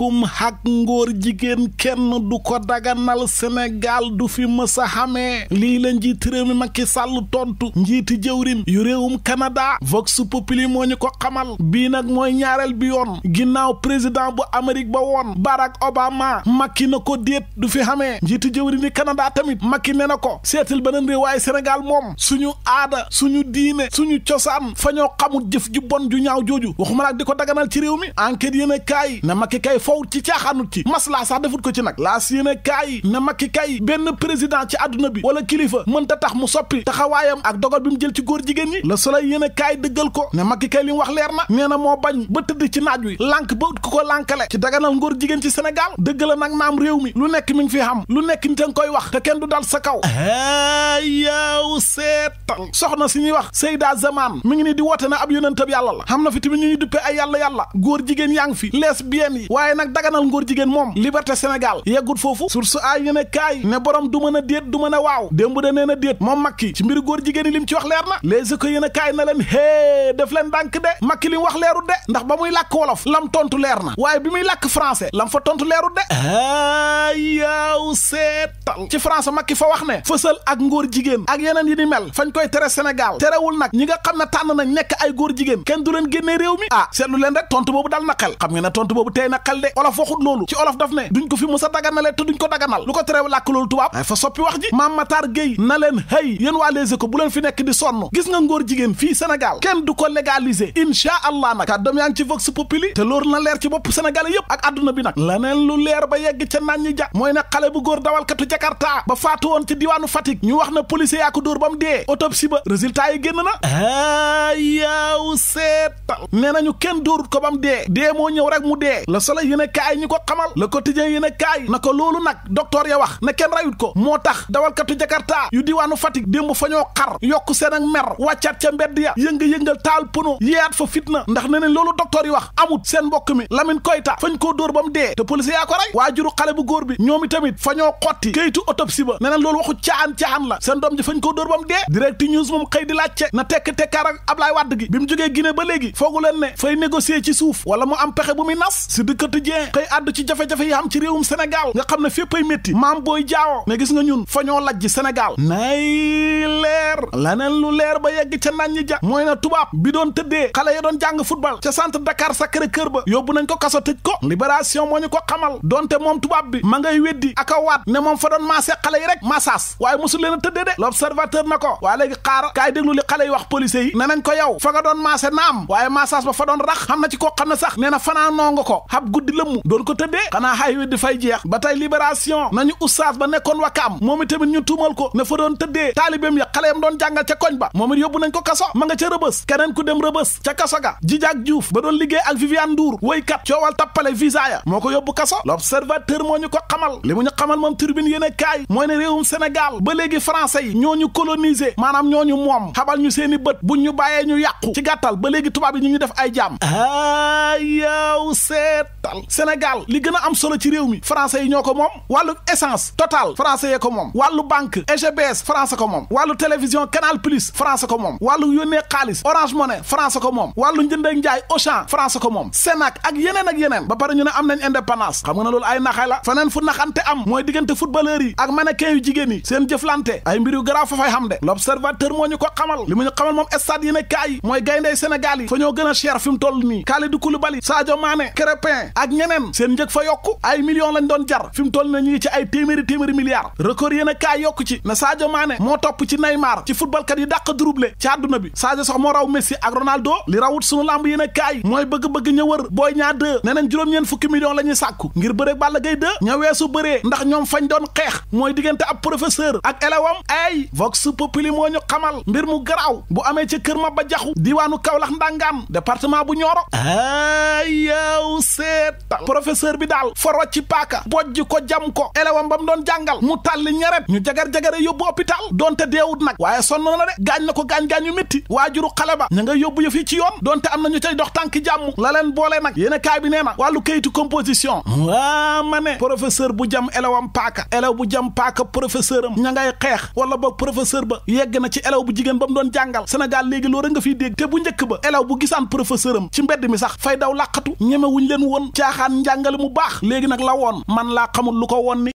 mbirum ak ngóor jigéen kenn du ko daganal Sénégal du fi mës a xamee lii la njiit réew mi Macky sàll tontu njiiti jëwrin yu réewum Canada Vox Populi moo ñu ko xamal bii nag mooy ñaareel bi yoon ginnaaw président bu Amérique ba woon Barack Obama Macky na ko déet du fi xamee njiiti jëwrin yi Canada tamit Macky ne na ko seetil beneen réew waaye Sénégal moom ñu aada suñu diine suñu cosaan fa ñoo xamul jëf ju bon ju ñaaw jooju waxuma di ko daganal ci fowut ci caaxaanut ci maslaa sax defut ko ci nag laa laas yéene kaay ne makki kay benn président ci àdduna bi wala kilifa mënta tax mu soppi taxawaayam ak dogal bi mu jël ci góor jigéen ñi la soleil yéene kaay dëggal ko ne makki kay li wax leer na nee na moo bañ ba tëdd ci naaj wi lànk ba ut ku ko lànkale ci daganal ngóor jigéen ci Sénégal dëgg la nag naam réew mi lu nekk mi ngi fi xam lu nekk nit ngi koy wax te kenn du dal sa kaw yaw seetal soxna si ñuy wax Seyda Zaman mi ngi ni di woote na ab yonentab yàlla la xam na fi tamit ñuy duppee ay yàlla yàlla góor jigéen yaa ngi fi lesbiennes nag daganal ngóor jigéen moom liberté Sénégal yeggut foofu source ay ñu ne kaay ne borom du mën a déet du mën a waaw démb de nee na déet moom makki ci mbiru góor jigéen yi li mu ci wax leer na les éco yéen a kaay na leen hée def leen dànk de makki li wax leerut de ndax ba muy làkk wolof lam tontu leer na waaye bi muy làkk français lam fa tontu leerut de ayaw seetal ci français makki fa wax ne fësal ak ngóor jigéen ak yeneen yi ni mel fañ koy tere Sénégal terewul nag ñi nga xam ne tànn nañ nekk ay góor jigéen kenn du leen génnee réew mi ah seetlu leen rek tontu boobu dal na olof waxut loolu ci olof daf ne duñ ko fi mës a daganale te duñ ko daganal lu ko terew làkk loolu tubaab waaye soppi wax ji maam Matar Gueye na leen hey yéen waa Les Échos bu leen fi nekk di sonn gis nga ngóor jigéen fii Sénégal kenn du ko légaliser incha allah nag kàddoom yaa ngi ci vox populi te loolu na leer ci bopp sénégalais yépp ak àdduna bi nag laneen lu leer ba yegg ca naan ñi ja mooy ne xale bu góor dawalkatu Jakarta ba faatu woon ci diwaanu Fatick ñu wax na policier yaa dóor ba mu dee autopsie ba résultat yi génn na a nee nañu kenn dóorut ko ba mu dee dee moo ñëw rek mu dee la soleil yéen a kaay ñi ko xamal le quotidien yéen a kaay na ko loolu nag docteur ya wax ne kenn rayut ko moo tax dawalkatu jakarta yu diwaanu Fatick démb fa ñoo xar yokk seen ak mer wàccaat ca mbedd ya yënga-yëngal taal pono yeeyaat fa fitna ndax ne nañ loolu docteur yi wax amut seen mbokk mi Lamine Koyta fañ koo dóor ba mu dee te police yaa ko rey waajuru xale bu góor bi ñoom itamit fa ñoo xotti kayitu autopsie ba ne nañ loolu waxu caaxaan-caaxaan la seen doom dee direct news moom xëy di laajte na tekk-tekkaar ak Ablaye Wade gi bi mu jógee Guinée ba quotidien xëy àddu ci jafe-jafe yi am ci réewum Sénégal nga xam ne fépp ay métti maam booy jaawo ne gis nga ñun fa ñoo lajj Sénégal nay leer laneen lu leer ba yegg ca naan ñi ja mooy na tubaab bi doon tëddee xale ya doon jàng football ca centre Dakar sacré kër ba yóbbu nañ ko kaso tëj ko libération moo ñu ko xamal donte moom tubaab bi ma ngay weddi aka waat ne moom fa doon maasee xale yi rek massas waaye mosul leen a tëddee de l'observateur na ko waaye léegi xaar kaay déglu wax policiers yi ne nañ ko nga doon maase naam waaye massas ba fa doon rax na ci koo xam ne sax nee na fanaanoo nga ko lëmm doon ko tëddee xanaa highway di fay jeex ba tey libération nañu oustaz ba nekkoon wakaam moom itamit ñu tuumal ko ne fa doon tëddee taalibeem ya xale yam doon jàngal ca koñ ba moom it yóbbu nañ ko kaso ma nga ca rëbës keneen ku dem rëbës ca kaso ga jijaak Diouf ba doon liggéey ak Viviane Ndour woykat coowal tappale visa ya moo ko yóbbu kaso l'observateur moo ñu ko xamal li mu ñu xamal moom turbine yéene mooy ne réewum Sénégal ba léegi français yi ñoo ñu coloniser maanaam ñoo ñu moom xabal ñu seeni bët ñu bàyyee ñu yàqu ba léegi tubaab yi ñu ngi def ay jaam Sénégal li gën a am solo ci réew mi français yi ñoo ko moom wàllu essence Total français yee ko moom wàllu banque EGBS français ko moom wàllu télévision Canal Plus français ko moom wàllu yónnee xaalis Orange Money français ko moom wàllu njënd ak njaay Auchan français ko moom Sénac ak yeneen ak yeneen ba pare ñu ne am nañ indépendance xam nga ne loolu ay naxay la feneen fu naxante am mooy diggante footballeur yi ak mannequin yu jigéen seen jëflante ay mbir yu garaaw fa fay moo ñu ko xamal li mu ñu xamal moom stade yi ne kaay ñoo gën a cher fi mu toll nii Kalidou Koulibaly Sadio Mané Krépin ñeneen seen njëg fa yokk ay millions lañ doon jar fi mu toll na ñii ci ay téeméeri téeméeri milliards record yéen a kaay yokku ci na Sadio Mané moo topp ci Neymar ci footballkat yi dàq dribble ci àdduna bi saajo sax moo raw Messi ak Ronaldo li rawut sunu lamb yéen a kaay mooy bëgg-bëgg ña wër Boy Niang 2 nee nañ juróom-ñeen fukki millions la ñuy sàkku ngir bëre Balla Gaye 2 ña weesu bëree ndax ñoom fañ doon xeex mooy diggante ab professeur ak élewam ay vox populi moo ñu xamal mbir mu garaaw bu amee ca kër ma ba jaxu diiwaanu Kaolack ndangaan département bu Nioro ay professeur bi daal foro paaka bojj ko jam ko élewam ba doon jàngal mu tàlli ñaret ñu jagar-jagare yóbbu hôpital doonte deewut nag waaye sonn na de gaañ na ko gaañ-gaañ yu métti waajuru xale ba ña nga yóbbu yëf yi ci yoon doonte am na ñu cay dox tànk jàmm la leen boole nag yéen a kaay bi nee na wàllu kayitu composition waa ma ne professeur bu jam élewam paaka elew bu jam paaka professeur am ña ngay xeex wala boog professeur ba yegg na ci élew bu jigéen ba mu doon jàngal Sénégal léegi loolu nga fiy dégg te bu njëkk ba élew bu gisaan professeur am ci mbedd mi sax fay daw làqatu ñeme wuñ leen woon caaxaan am njàngale mu baax léegi nag la woon man laa xamul lu ko woon ni